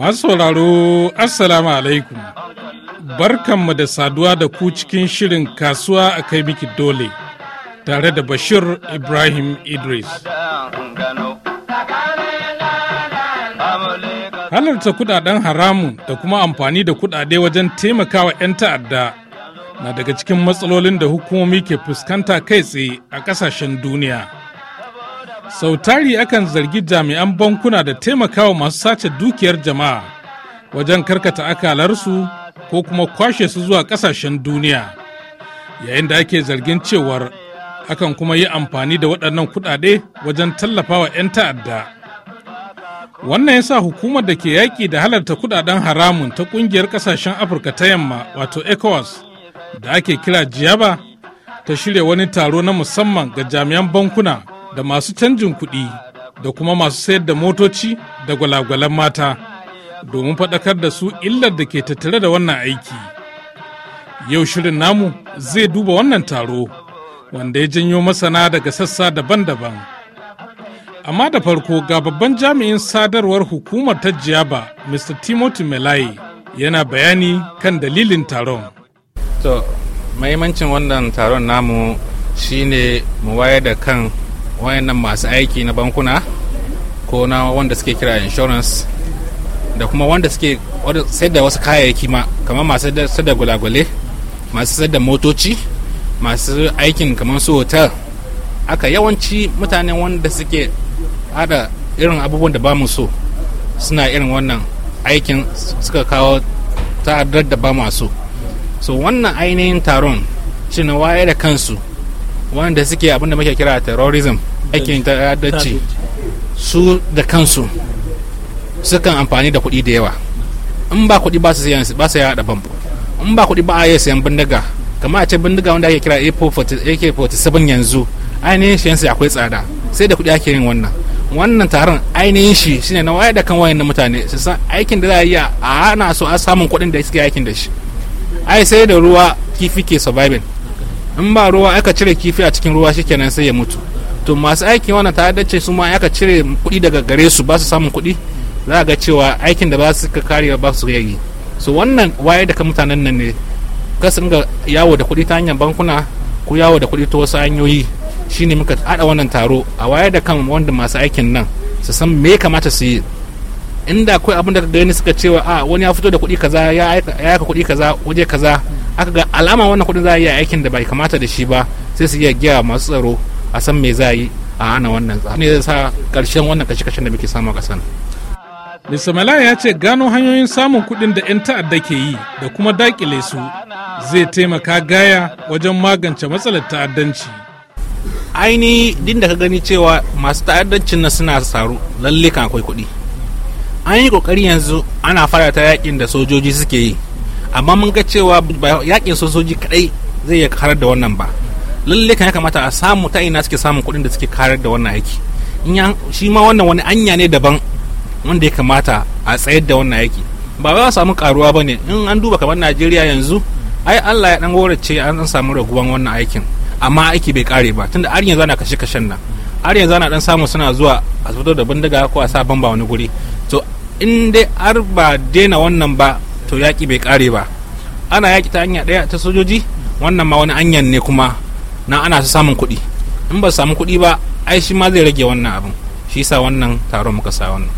Masu sauraro, Assalamu alaikum. Barkanmu da saduwa da ku cikin shirin kasuwa a kai miki dole, tare da Bashir Ibrahim Idris. Halarta kudaden haramun da kuma amfani da kudade wajen taimakawa 'yan ta'adda na daga cikin matsalolin da hukumomi ke fuskanta kai tsaye a kasashen duniya sau tari akan zargi jami'an bankuna da taimakawa masu sace dukiyar jama'a wajen karkata akalarsu ko kuma kwashe su zuwa kasashen duniya yayin da ake zargin cewar akan kuma yi amfani da waɗannan kuɗaɗe wajen tallafawa 'yan ta'adda wannan ya sa hukumar da ke yaƙi da halarta kuɗaɗen haramun ta ƙungiyar ƙasashen afirka ta yamma wato ecowas da ake kira jiyaba ta shirya wani taro na musamman ga jami'an bankuna da masu canjin kuɗi da kuma masu sayar da motoci da gwalagwalan mata domin faɗakar da su illar da ke tattare da wannan aiki yau shirin namu zai duba wannan taro wanda ya janyo masana daga sassa daban-daban amma da farko ga babban jami'in sadarwar hukumar ta jiyaba mr timothy melaye yana bayani kan dalilin taron to mahimmancin wannan taron namu shine mu wayar da kan wayannan masu aiki na bankuna ko na wanda suke kira insurance da kuma wanda suke sai da wasu kayayyaki ma kamar masu sada gulagule masu sada motoci masu aikin kamar su hotel aka yawanci mutane wanda suke hada irin abubuwan da ba mu so suna irin wannan aikin suka kawo ta'addar da ba mu so so wannan ainihin taron shi na waye da kansu wanda suke abin da muke kira terrorism aikin ta'addanci su da kansu sukan amfani da kuɗi da yawa in ba kuɗi ba su sayan ba su yaɗa bambu in ba kuɗi ba a yi sayan bindiga kamar a ce bindiga wanda ake kira AK47 yanzu ainihin shi yansu akwai tsada sai da kuɗi ake yin wannan wannan taron ainihin shi shine na waye da kan wayan mutane su san aikin da za a yi a ana so a samun kuɗin da suke aikin da shi ai sai da ruwa kifi ke surviving in ba ruwa aka cire kifi a cikin ruwa shikenan sai ya mutu to masu aikin wannan dace su ma aka cire kuɗi daga gare su ba su samun kuɗi za ga cewa aikin da ba su ka kare ba su yayi so wannan waye da ka mutanen nan ne ka sun ga yawo da kuɗi ta hanyar bankuna ko yawo da kuɗi ta wasu hanyoyi shine muka haɗa wannan taro a waye da kan wanda masu aikin nan su san me ya kamata su yi inda akwai abin da ka gani suka cewa a ah, wani ya fito da kuɗi kaza ya aika kuɗi kaza waje kaza aka ga alama wannan kuɗin za a yi aikin da bai kamata da shi ba sai su iya giya masu tsaro a san me za a yi a ana wannan tsari ne zai sa ƙarshen wannan kashe da muke samu a mr Bismillah ya ce gano hanyoyin samun kuɗin da 'yan ta'adda ke yi da kuma daƙile su zai taimaka gaya wajen magance matsalar ta'addanci. Aini din da ka gani cewa masu ta'addancin na suna saru lalle kan akwai kuɗi. an yi kokari yanzu ana fara ta yakin da sojoji suke yi amma mun ga cewa ba yakin sojoji kadai zai iya karar da wannan ba lalle kan ya kamata a samu ta ina suke samun kuɗin da suke karar da wannan aiki shi ma wannan wani anya ne daban wanda ya kamata a tsayar da wannan aiki ba za a samu karuwa ba ne in an duba kamar najeriya yanzu ai allah ya dan gorace an samu raguwan wannan aikin amma aiki bai kare ba tunda har yanzu ana kashe kashen nan har yanzu ana dan samu suna zuwa a da bindiga ko a sa bamba wani guri to in dai har ba daina wannan ba to yaƙi bai ƙare ba ana yaƙi ta hanya ɗaya ta sojoji wannan ma wani hanyar ne kuma na ana su samun kuɗi in ba samu kuɗi ba ai shi ma zai rage wannan abin shi sa wannan taron muka sa wannan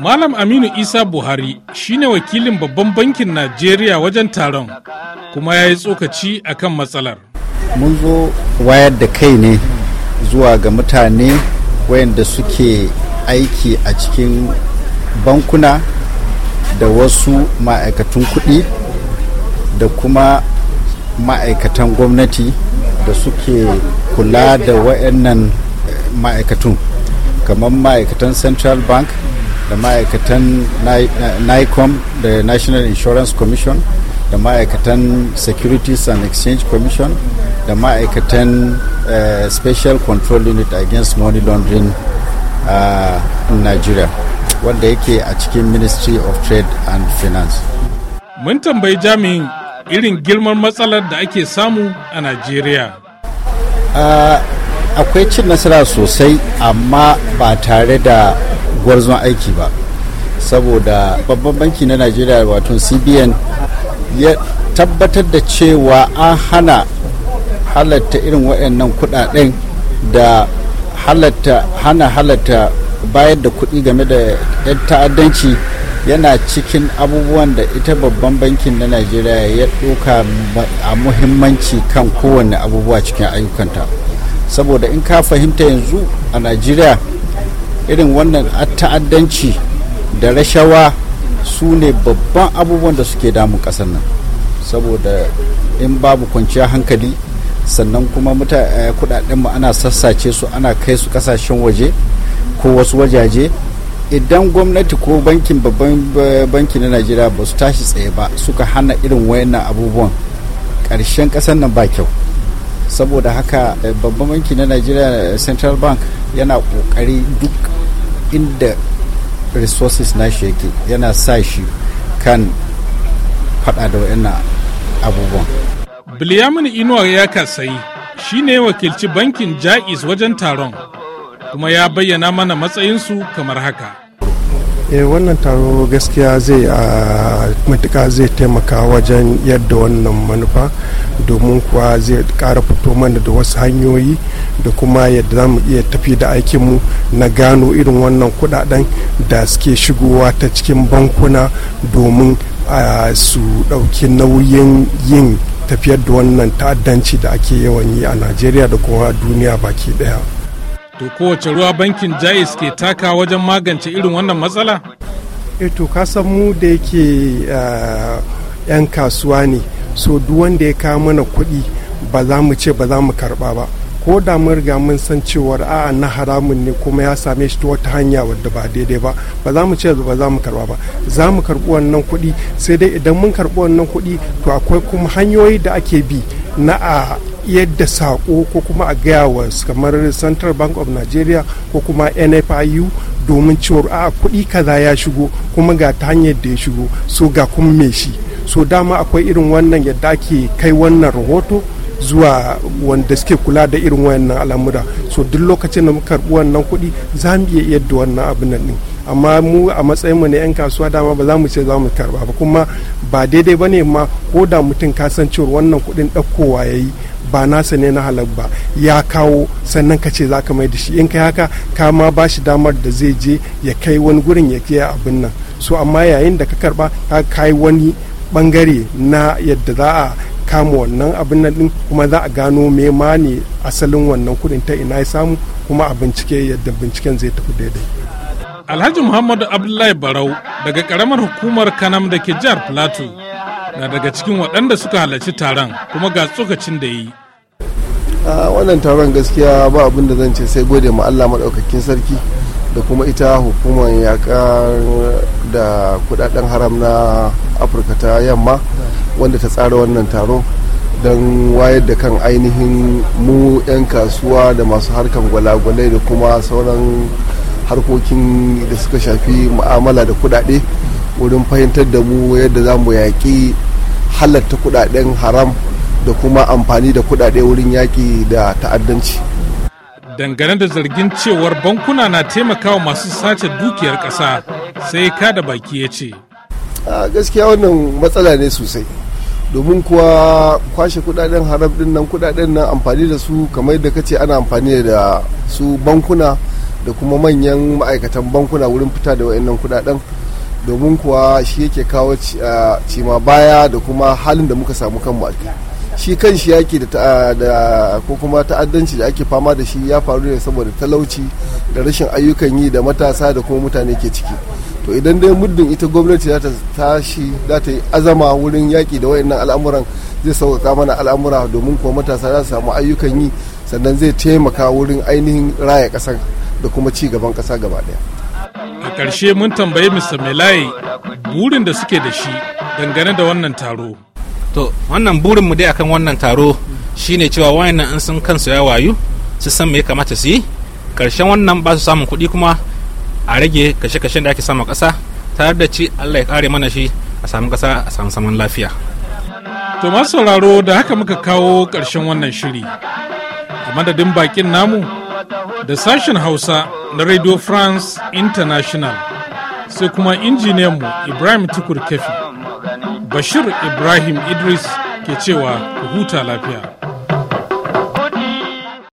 malam aminu isa buhari shine wakilin babban bankin najeriya wajen taron kuma ya yi tsokaci akan matsalar mun zo wayar da kai ne zuwa ga mutane wayanda suke aiki a cikin bankuna da wasu ma'aikatan kuɗi da kuma ma'aikatan gwamnati da suke kula da wa'annan ma'aikatun kamar ma'aikatan central bank da ma'aikatan nicom da national insurance commission da ma'aikatan securities and exchange commission da ma'aikatan special control unit against money laundering a nigeria wanda yake a cikin ministry of trade and finance mun tambayi jami'in irin girman matsalar da ake samu a nigeria. Ah, akwai cin nasara sosai amma ba tare da gwarzon aiki ba saboda babban banki na najeriya wato cbn ya tabbatar da cewa an hana halatta irin waɗannan kudaden da hana halatta bayar da kuɗi game da 'yan ta'addanci yana cikin abubuwan da ita babban bankin na najeriya ya ɗauka a muhimmanci kan kowane abubuwa cikin ayyukanta saboda in ka fahimta yanzu a najeriya irin wannan ta'addanci da rashawa su ne babban abubuwan da suke damun ƙasar nan saboda in babu kwanciyar hankali sannan kuma eh, kudaden mu ana sassace su ana kai su kasashen waje ko wasu wajaje idan gwamnati ko bankin babban eh, banki na najeriya ba su tashi tsaye ba suka hana irin wayannan abubuwan karshen ƙasar nan ba kyau saboda haka eh, babban banki na najeriya eh, central bank yana ƙoƙari duk inda resources na shi yake yana sa shi kan faɗa da wayannan abubuwan biliyamin inuwa ya kasayi shine wakilci bankin jais wajen taron kuma ya bayyana mana matsayinsu kamar haka. eh wannan taro gaskiya zai a ah, matuka zai taimaka wajen yadda wannan manufa domin kuwa zai kara fito mana da wasu hanyoyi da kuma yadda za mu iya tafi da aikinmu na gano irin wannan kudaden da suke shigowa ta cikin bankuna domin ah, su ɗauki nauyin yin tafiyar da wannan ta'addanci da ake yawan yi a najeriya da kuma duniya baki ɗaya. To kowace ruwa bankin Jais ke taka wajen magance irin wannan matsala? Eto eh kasan mu da yake ah, yan kasuwa ne so duk wanda ya kawo mana kuɗi ba za mu ce ba za mu karɓa ba ko da mun riga mun san cewar a'a na haramun ne kuma ya same shi ta wata hanya wadda ba daidai ba ba za mu ce ba za mu karba ba za mu karbi wannan kuɗi sai dai idan mun karɓi wannan kuɗi to akwai kuma hanyoyi da ake bi na a ah, yadda sako ko kuma a gaya wa kamar central bank of nigeria ko kuma nfiu domin cewar a kuɗi kaza ya shigo kuma ga ta hanyar da ya shigo so ga kuma me shi so dama akwai irin wannan yadda ake kai wannan rahoto zuwa wanda suke kula da irin wayannan al'amura so duk lokacin da muka karɓi wannan kuɗi za mu iya yadda wannan abin nan amma mu a matsayin mu na 'yan kasuwa dama ba za mu ce za mu karba ba kuma ba daidai ba ne ma ko da mutum ka san cewa wannan kuɗin ɗaukowa ya yi ba nasa ne na halak ba ya kawo sannan ka ce za ka mai da shi in kai haka ka ma ba shi damar da zai je ya kai wani gurin ya kiya abin nan so amma yayin da ka karba ka kai wani bangare na yadda za a kama wannan abin nan din kuma za a gano me ma ne asalin wannan kuɗin ta ina ya samu kuma a bincike yadda binciken zai tafi daidai Alhaji Muhammadu Abdullahi Barau daga karamar hukumar Kanam da ke jihar Plateau na daga cikin waɗanda suka halarci taron kuma ga tsokacin da yi. a wannan taron gaskiya ba abin da zan ce sai gode ma Allah maɗaukakin sarki da kuma ita hukumar yaƙa da kudaden haram na afirka ta yamma wanda ta tsara wannan taro don wayar da kan ainihin mu 'yan kasuwa da masu harkan gwalagwalai da kuma sauran harkokin da suka shafi mu'amala da kudade wurin fahimtar da mu yadda za mu yaƙi halatta kudaden haram da kuma amfani da kudade wurin yaƙi da ta'addanci dangane da zargin cewar bankuna na taimakawa masu sace dukiyar ƙasa sai ka da baki ya ce gaskiya wannan matsala ne sosai domin kuwa kwashe kudaden haram din nan kudaden nan amfani da su kamar da kace ana amfani da su bankuna da kuma manyan ma'aikatan bankuna wurin fita da wayannan kudaden domin kuwa shi yake kawo cima baya da kuma halin da muka samu kanmu a shi kan shi yake da ko kuma ta'addanci da ake fama da shi ya faru ne saboda talauci da rashin ayyukan yi da matasa da kuma mutane ke ciki to idan dai muddin ita gwamnati za ta tashi za ta yi azama wurin yaƙi da wayannan al'amuran zai sauƙaƙa mana al'amura domin kuma matasa za su samu ayyukan yi sannan zai taimaka wurin ainihin raya ƙasar da kuma ci gaban ƙasa gaba ɗaya. A ƙarshe mun tambayi Mr. Melaye burin da suke da shi dangane da wannan taro. To, wannan burin mu dai akan wannan taro shine cewa wayannan an sun kansu ya wayu su san me ya kamata su yi. Ƙarshen wannan ba su samun kuɗi kuma a rage kashe kashe da ake sama ƙasa tare da ci Allah ya kare mana shi a samu ƙasa a samu saman lafiya. To masu sauraro da haka muka kawo ƙarshen wannan shiri. A madadin bakin namu da sashen Hausa na Radio France International sai kuma mu Ibrahim Tukur Kefi. Bashir Ibrahim Idris ke cewa ku huta lafiya.